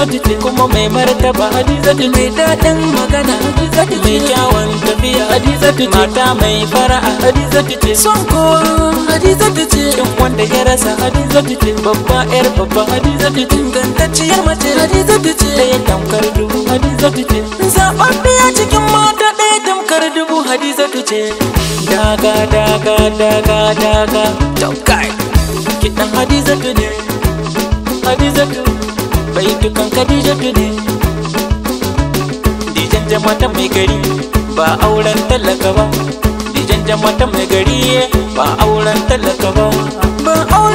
Hadizatu kuma mai martaba Hadizatu mai daɗin magana Hadizatu mai kyawun tafiya Hadizatu ce mata mai fara'a Hadizatu ce son kowa Hadizatu ce kin wanda ya rasa Hadizatu ce babba yar babba Hadizatu ce gantacciyar mace Hadizatu ce ɗaya tamkar dubu Hadizatu ce biya cikin mata ɗaya tamkar dubu Hadizatu ce daga daga daga daga tamkai kiɗan Hadizatu ne Hadizatu baitukan Khadija ne Dijan mata mai gari ba auren talaka ba Dijan mata mai gari ba auren talaka ba ba auren